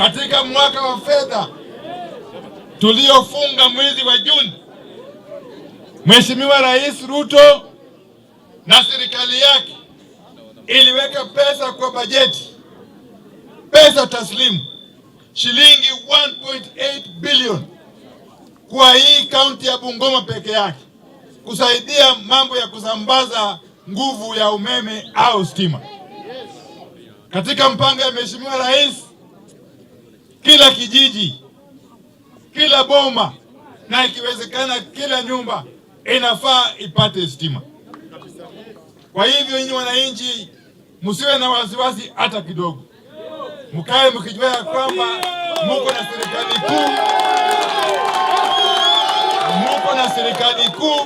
katika mwaka wa fedha tuliofunga mwezi wa Juni, Mheshimiwa Rais Ruto na serikali yake iliweka pesa kwa bajeti, pesa taslimu shilingi 1.8 billion kwa hii kaunti ya Bungoma peke yake kusaidia mambo ya kusambaza nguvu ya umeme au stima katika mpango ya Mheshimiwa Rais kila kijiji, kila boma na ikiwezekana kila nyumba inafaa ipate stima. Kwa hivyo, nyinyi wananchi, msiwe na wasiwasi hata kidogo, mkae mkijua ya kwamba muko na serikali kuu, muko na serikali kuu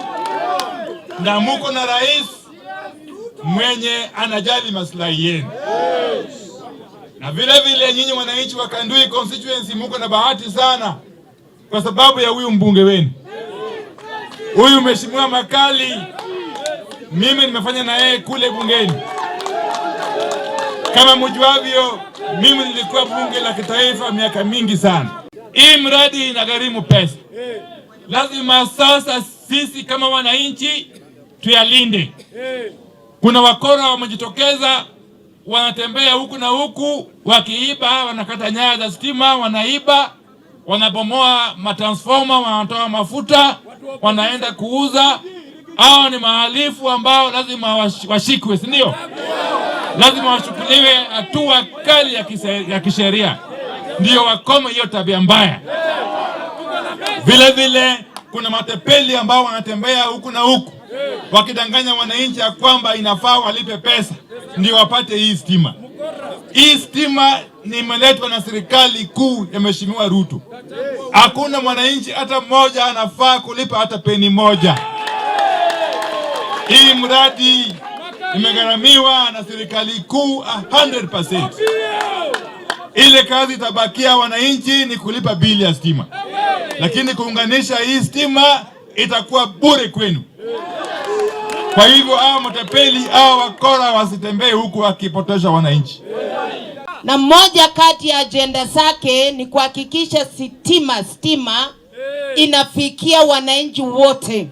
na muko na rais mwenye anajali maslahi yenu na vile vile nyinyi wananchi wa Kandui constituency muko na bahati sana kwa sababu ya huyu mbunge wenu huyu mheshimiwa Makali. Mimi nimefanya na yeye kule bungeni. Kama mjuavyo, mimi nilikuwa bunge la kitaifa miaka mingi sana. Hii mradi inagharimu pesa, lazima sasa sisi kama wananchi tuyalinde. Kuna wakora wamejitokeza wanatembea huku na huku wakiiba, wanakata nyaya za stima, wanaiba, wanabomoa matransforma, wanatoa mafuta, wanaenda kuuza. Hao ni mahalifu ambao lazima washikwe, si ndio? Lazima washukuliwe hatua kali ya kisheria, ndio wakome hiyo tabia mbaya. Vilevile kuna matepeli ambao wanatembea huku na huku wakidanganya wananchi ya kwamba inafaa walipe pesa ndio wapate hii stima. Hii stima nimeletwa na serikali kuu ya Mheshimiwa Ruto. Hakuna mwananchi hata mmoja anafaa kulipa hata peni moja. Hii mradi imegharamiwa na serikali kuu 100%. Ile kazi itabakia wananchi ni kulipa bili ya stima, lakini kuunganisha hii stima itakuwa bure kwenu. Kwa hivyo hao matapeli hao wakora wasitembee huku wakipotosha wananchi. Na mmoja kati ya ajenda zake ni kuhakikisha sitima stima inafikia wananchi wote.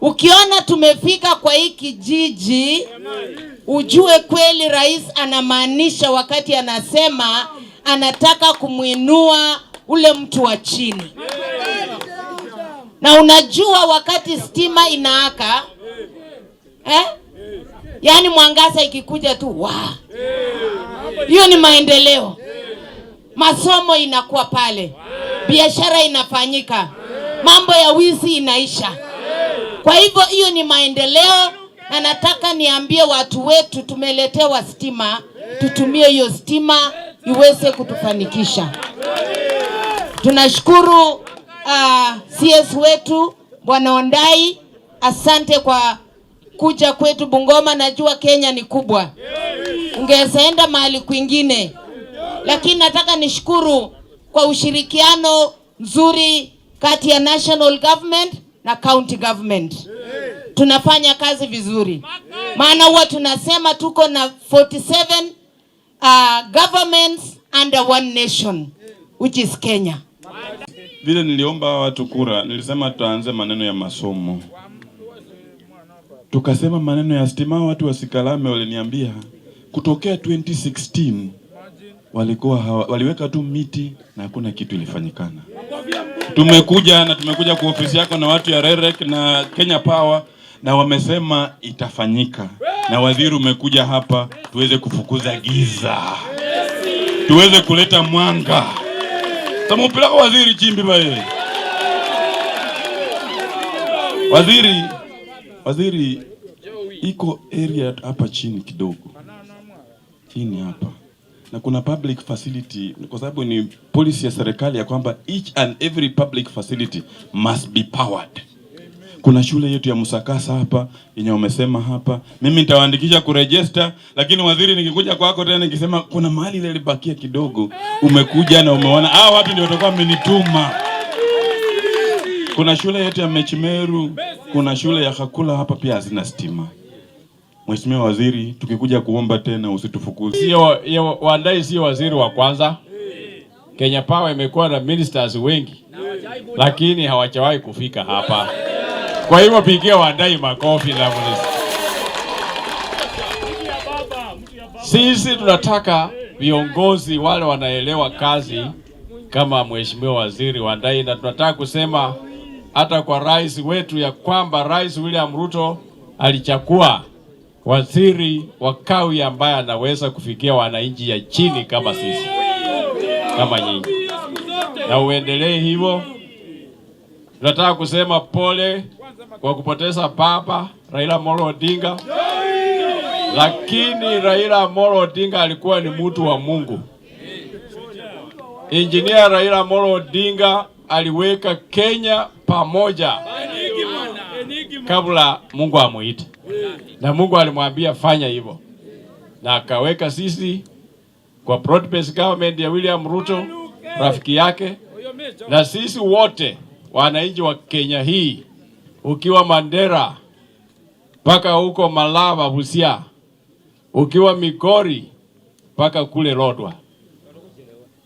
Ukiona tumefika kwa hii kijiji, ujue kweli rais anamaanisha wakati anasema anataka kumwinua ule mtu wa chini. Na unajua wakati stima inaaka eh? Yaani mwangaza ikikuja tu wa Hiyo ni maendeleo, masomo inakuwa pale, biashara inafanyika, mambo ya wizi inaisha. Kwa hivyo hiyo ni maendeleo, na nataka niambie watu wetu, tumeletewa stima, tutumie hiyo stima iweze kutufanikisha. Tunashukuru uh, ah, CS wetu Bwana Ondai, asante kwa kuja kwetu Bungoma. Najua Kenya ni kubwa, ungezaenda mahali kwingine, lakini nataka nishukuru kwa ushirikiano nzuri kati ya national government na county government. Tunafanya kazi vizuri, maana huwa tunasema tuko na 47 uh, governments under one nation which is Kenya. Vile niliomba watu kura, nilisema tuanze maneno ya masomo tukasema maneno ya stima, watu wa Sikalame waliniambia kutokea 2016 walikuwa hawa, waliweka tu miti na hakuna kitu ilifanyikana. Tumekuja na tumekuja kwa ofisi yako na watu ya REREC na Kenya Power na wamesema itafanyika, na waziri umekuja hapa tuweze kufukuza giza, tuweze kuleta mwanga. Tamupilaka waziri chimbi bae, waziri Waziri, iko area hapa chini kidogo, chini hapa, na kuna public facility, kwa sababu ni policy ya serikali ya kwamba each and every public facility must be powered. Kuna shule yetu ya Musakasa hapa yenye wamesema hapa, mimi nitawaandikisha kuregister, lakini waziri, nikikuja kwako tena nikisema kuna mahali ile ilibakia kidogo, umekuja na umeona ah, watu ndio watakuwa wamenituma. Kuna shule yetu ya Mechimeru kuna shule ya kakula hapa pia hazina stima. Mheshimiwa Waziri, tukikuja kuomba tena usitufukuze. Sio Wandai sio waziri wa kwanza. Kenya Power imekuwa na ministers wengi lakini hawajawahi kufika hapa. Kwa hivyo pigia Wandai makofi na Sisi tunataka viongozi wale wanaelewa kazi kama Mheshimiwa Waziri Wandai, na tunataka kusema hata kwa rais wetu ya kwamba Rais William Ruto alichakua waziri wa kawi ambaye anaweza kufikia wananchi ya chini kama sisi kama nyinyi, na uendelee hivyo. Tunataka kusema pole kwa kupoteza papa Raila Amolo Odinga, lakini Raila Amolo Odinga alikuwa ni mtu wa Mungu. Injinia Raila Amolo Odinga aliweka Kenya pamoja kabla Mungu amuite, na Mungu alimwambia fanya hivyo, na akaweka sisi kwa broad based government ya William Ruto rafiki yake, na sisi wote wananchi wa Kenya hii, ukiwa Mandera mpaka huko Malava Busia, ukiwa Migori mpaka kule Lodwa,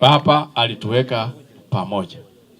Baba alituweka pamoja.